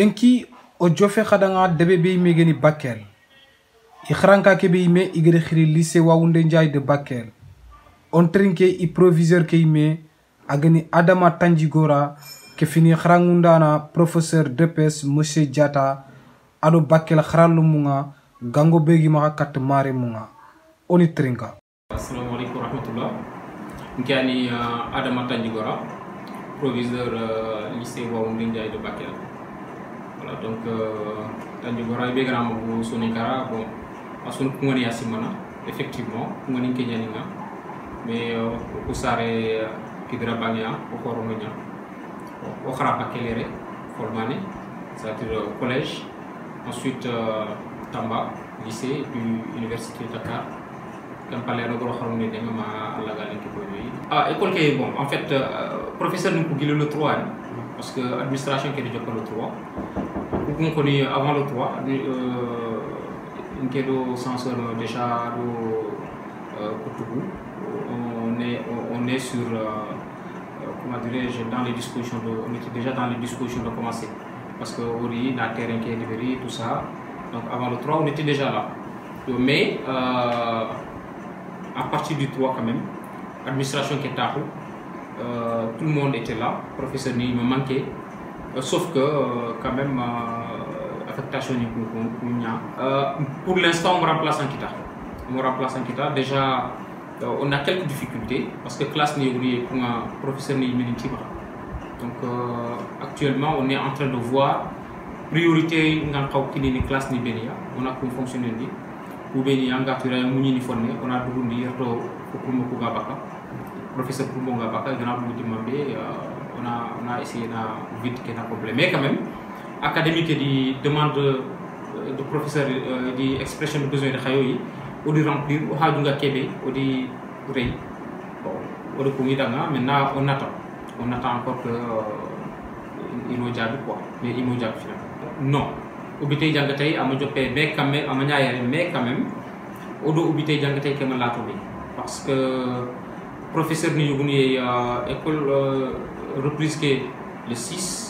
En qui o jofe gaanga debe be me gei bakèl eka ke be ime i grereri wa un denja e de bakèl. On trenque e proviiser ke ime a gani Adama tanjigora que fini rangonda nasser d depes m Moche jata a lo bakèlo monga gangoègim ka mare monga. On e trenkaèi adaa tangorajai de bakè. voilà donc tanjogora euh, ɓe ganama ko soni sonikara bon a soni kugani yasimana effectivement kugani keñaninga mais ko euh, sare kidira euh, bange a o horono ña o xara bakkelere formane c'est à dire collège ensuite tamba lycée et puis université dakar kam palero goro horone denga ma allah galen ke ko yoyi ah école ke bon en fait professeur nous ko le 3 hein, parce que administration ke de jokko le 3 on avant le 3 une sens déjà au on est on est sur euh, euh, comment dire, je dans les discussions, de on était déjà dans les discussions de commencer parce que ori la terrain qui est tout ça donc avant le 3 on était déjà là mais euh, à partir du 3 quand même administration qui est euh, tout le monde était là professeur ni me manquait sauf que quand même affectation euh, pour l'instant, on remplace Ankita. On remplace Ankita. Déjà, euh, on a quelques difficultés parce que classe n'est pour un professeur Donc, euh, actuellement, on est en train de voir priorité une classe ni On a comme fonctionnaire dit. Ou Benia, on a un uniforme, on a doublé le professeur pour Koumongabaka, on a essayé de vite qu'il problème Mais quand même, académique qui demande euh, de professeur euh, d'expression de besoin de rempli, il de remplir o haajunga keɓe odi rey bon on ko mais on attend on attend encore que euh, ino jaabi quoi mais imo finalement non mais quand même mais quand même de parce que professeur ni école reprise repris le 6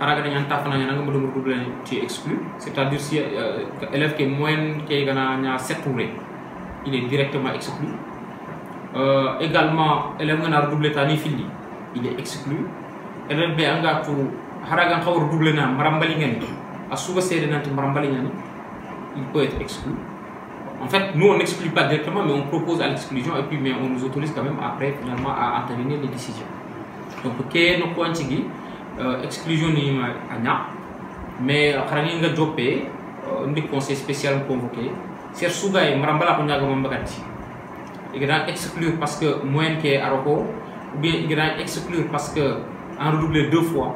haraganañi an na exclu c'est à dire si uh, qui est moyenne ke 7 setture il est directement exclu euh, également élève est moins ta 7 il est exclu élève ɓe anga to haragan xa redouble na marambaliŋani a suba seede il peut être exclu en fait nous on n'exclut pas directement mais on propose à l'exclusion et puis mais on nous autorise quand même après finalement à entériner les décisions donc ke no kuwanci gi euh, exclusion ni anya mais euh, xarani nga joppe euh, ndi conseil spécial convoqué ser suga e marambala ko nyaga mamba kati igran exclure parce que moyen que aroko ou bien igran exclure parce que en redoublé deux fois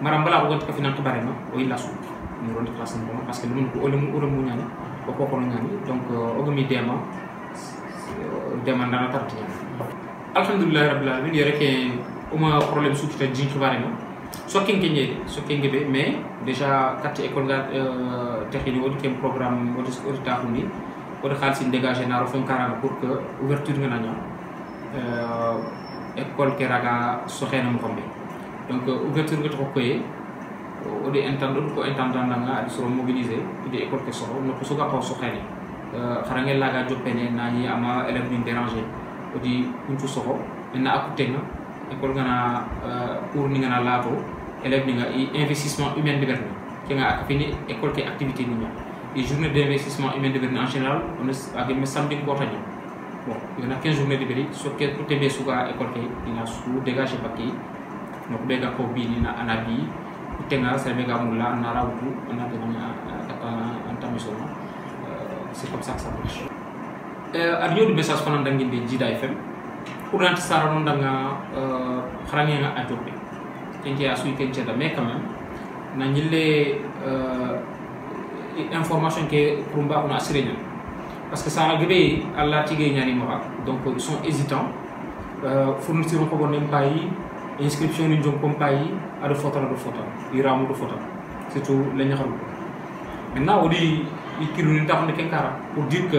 marambala ko gonta ka finan barema o illa su ni ronde classe ni parce que nous ko o lumun o lumun nyani ko ko ko donc o gami dema dema ndana tarti alhamdulillah rabbil alamin yere ke uma problème sukita jin xibarema so sokkingue ɓe mais déjà carte école ga euh, tehini waɗi kem programme waɗi taku ndi waɗi haalisi dégagé naro fon karana pour que ouverture ngenaña euh, école ke raga sohenamo komɓe donc euh, ouverture ge to hokkoye oɗi intan ɗoɗ ko intendantanga aɗi soro mobilisé ɗiɗi école ke soho nokku soga paw sohene harangel laga joppene nañi ama élève min dérangé oɗi kuncu soho maintenant a kuttenga école ngana euh, cours ni ngana laato élève ni i investissement humain de berni ke nga fini école ke activité ni nga i journée d'investissement humain de berni en général on est avec mes samedi ko tani bon il y en a 15 journées de berni sur quel côté be suka école ke ina su dégager bakki donc bega ga ko bi ni na anabi tenga sa be ga mula na rawdu na de na kata antamisoma c'est comme ça que ça marche euh, Adio du message qu'on a dans Jida FM, kuranti saranontanga uh, eh, xaraŋenga a joppe adobe, a suyi kenci, ceda mais quand même na ñille uh, eh, information ke kurumba kuna a sireñan parce que sara gebe alla tige ñani maxa donc ils sont hésitants uh, eh, fourniture xobo nem payi inscription ni jom kom payi foto, fotana ɗo fota iramu ɗo fota surtout la ñaxaru maintenant odi i kirunin taxne ken kara pour dire que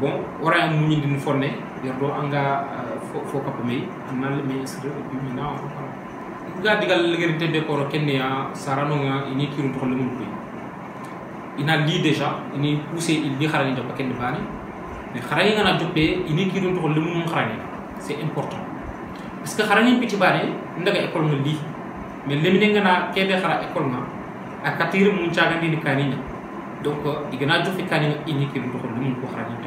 bon wara am ñu din fonné yor do anga fo ko pamé may nan le ministre et puis mina on parle ga digal la ngeen tebe ko ro ya sarano nga ini kiru to le mun ko ina li déjà ini poussé il di xarani do pakken baani mais xarani nga na jopé ini kiru to le xara xarani c'est important parce que xara xarani petit baani ndaga école mo li mais lemi nga na kébé xara école nga akatir mun caagandi ni kanina donc igana jofi kanina ini kiru to le mun ko xarani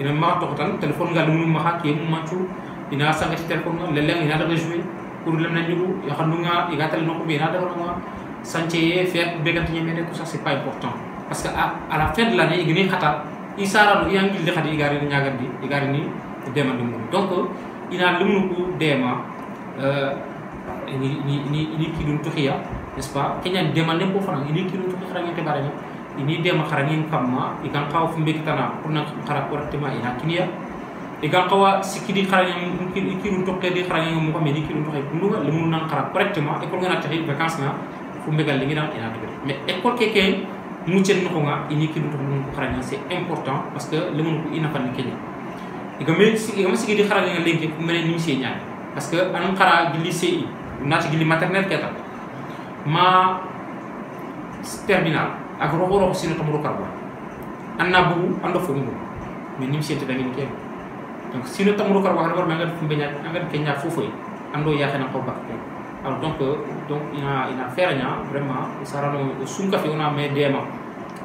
ina ma to tan telefon ga dum ma hak yemu ma chu ina sa ci telefon ga lele ina daga jouer pour lam na jugu ya xandu nga iga tel no ko ina daga no sanche ye fe be ganti ñeme ne ko sa c'est pas important parce que a à la fin de l'année igni khata isara lu yang gilde khadi igari ni nyagar di igari ni dema dum donc ina mu ko dema euh ini ini ini ni ki dum tukhiya n'est-ce pas kenya dema ne ko fana ni ki dum tukhiya ngi te ni ini dia makarangin kama ikan kau fumbe na kurna karak kurak tema ina nah, kiniya ikan kau sikidi karang mungkin iki untuk dia di yang muka medi kiri untuk ikun dua limun nang tema ekor ngana cari bekas na fumbe gal lingi ina ya, gitu. me ekor keke mucen nuko nga ini kiri untuk nung karang yang c'est important parce que limun ina kani ikan me ikan me sikidi yang kumene nimsi nya parce que anu kara gili si, nati gili maternel keta ma terminal ak ro roho sino tam rokar ba anna bu ando fo mu mais nim sente da ngi ken donc sino tam rokar ba war ma nga fumbe ñak nga ke ñak fofu ando ya xena ko bak alors donc donc il a il a fait rien vraiment sun ka fi ona mais dema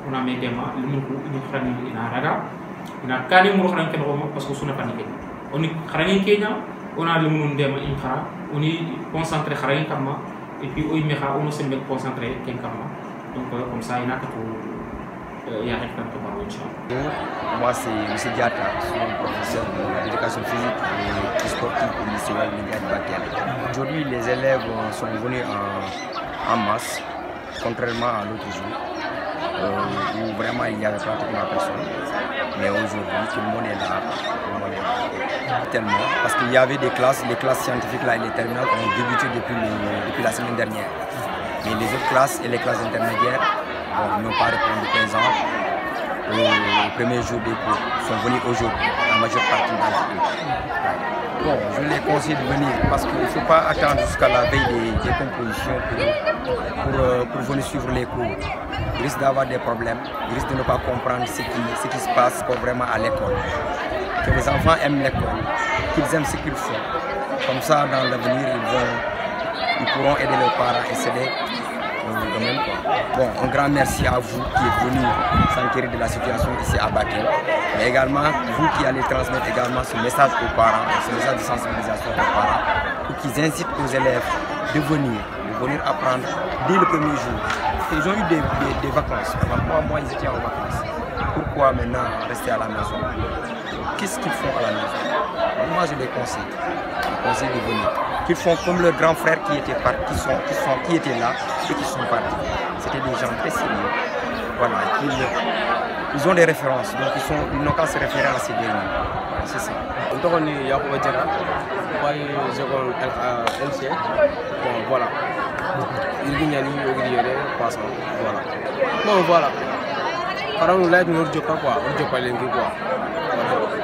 ona mais dema mu ko ni xani ina raga ina kani mu xana ken ko parce que suna kan ken oni on a ona mu dema in xara oni xara xarani kamma et puis oy mexa ono sembe concentré ken kama Donc euh, comme ça, il n'y a euh, y Moi, c'est M. Diata, je suis professeur d'éducation physique et sportive au lycée Walmidia de Bakel. Aujourd'hui, les élèves sont venus en, masse, contrairement à l'autre jour, euh, où vraiment il n'y avait pratiquement personne. Mais aujourd'hui, tout le monde est là, tout le monde est là. Tellement, parce qu'il y avait des classes, les classes scientifiques là et les terminales ont débuté depuis la semaine dernière. Mais les autres classes et les classes intermédiaires n'ont pas répondu présent au premier jour des cours, sont venus aujourd'hui, la majeure partie d'entre Bon, je les conseille de venir parce qu'il ne faut pas attendre jusqu'à la veille des, compositions euh, pour, venir suivre les cours. Ils risquent d'avoir des problèmes, ils risquent de ne pas comprendre ce qui, se passe vraiment à l'école. Que les enfants aiment l'école, qu'ils aiment ce qu'ils font. Comme ça, dans l'avenir, ils, ils, pourront aider leurs parents et s'aider Bon, un grand merci à vous qui êtes venus s'enquérir de la situation ici à abattue. mais également vous qui allez transmettre également ce message aux parents, ce message de sensibilisation aux parents, pour qu'ils incitent aux élèves de venir, de venir apprendre dès le premier jour. Ils ont eu des, vacances. Moi, moi, ils étaient en vacances. Pourquoi maintenant rester à la maison Qu'est-ce qu'ils font à la maison moi je les conseille, je conseille de venir. Qu'ils font comme leurs grands frères qui étaient, par, qui sont, qui sont, qui étaient là et qui sont partis. C'était des gens très sérieux. Voilà, ils, ils ont des références, donc ils, sont, ils n'ont qu'à se référer à ces derniers. c'est ça. Je suis Yacouba Djera, je suis euh, MC. Bon, voilà. Irguignani, Ogriere, passant. Voilà. Bon, voilà. Par exemple, là, nous, on ne quoi, on ne quoi.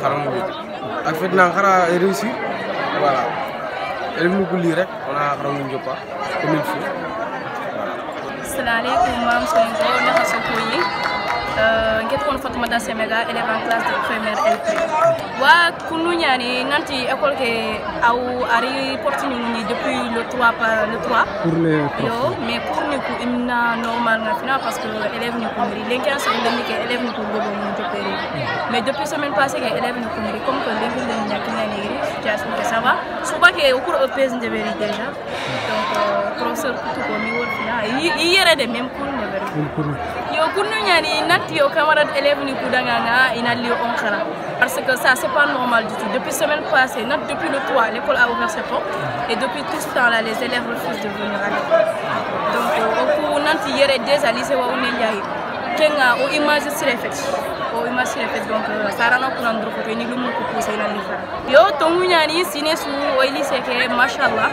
xaram nga ak fitna xara réussir voilà el mu gulli rek ona xaram nga joppa comme il faut voilà assalamu alaykum mam sonko naka sokoyi Eh, get kon fatmata semega elle est en classe de première LP wa kunu ñani nanti école ke aw ari porte ni depuis le 3 par le 3 pour les yo mais pour ni ku imna normal na fina parce que élève ni ko miri lenkan sa ngi ke élève ni ko gogo ni jopere mais depuis semaine passée que élève ni ko miri comme que lenkan ni ñak ñani situation que ça va kubake okuro opes ndeveri deja donc professeur kutuko mi wolfina iyerede même cour ndeveri yo kurnu ñani natti yo camarade élève ni kudanganga ina li on xara parce que ça c'est pas normal du tout depuis semaine passée nat depuis le 3 l'école a ouvert ses portes et depuis tout ce temps les élèves refusent de venir à l'école donc euh, oku nanti yere déjà lycée wa une ndiaye kenga o image sirefet ko i ma sire sara la kunan dro foto ni lumu ko ko sey nan lifa yo to munya ni sine su o ili seke mashallah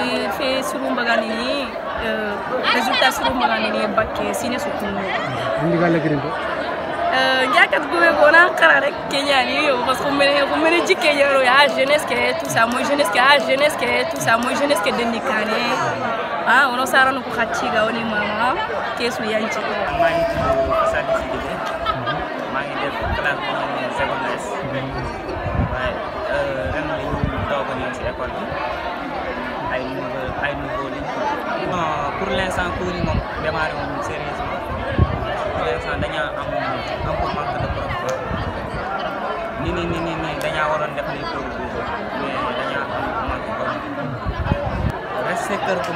i fe suru mbagani ni eh, resultat suru mbagani ni bakke sine su kunu ndi ga la que do eh, njakat gume bona kara rek kenyani yo parce que mene ko mene jikke yaro ya jeunesse ke tout ça moi jeunesse ke ha jeunesse ke tout ah, sara no ko khatti ga oni mama kesu yanci mani maa ngi def classe boo xam ne secondaire waaye ren la ñu doog a ñëw si école bi ay nouveau ay nouveau lañ bon pour l' instant cours yi moom démarré moom sérieusement pour l' ni ni ni ni ni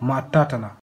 matatana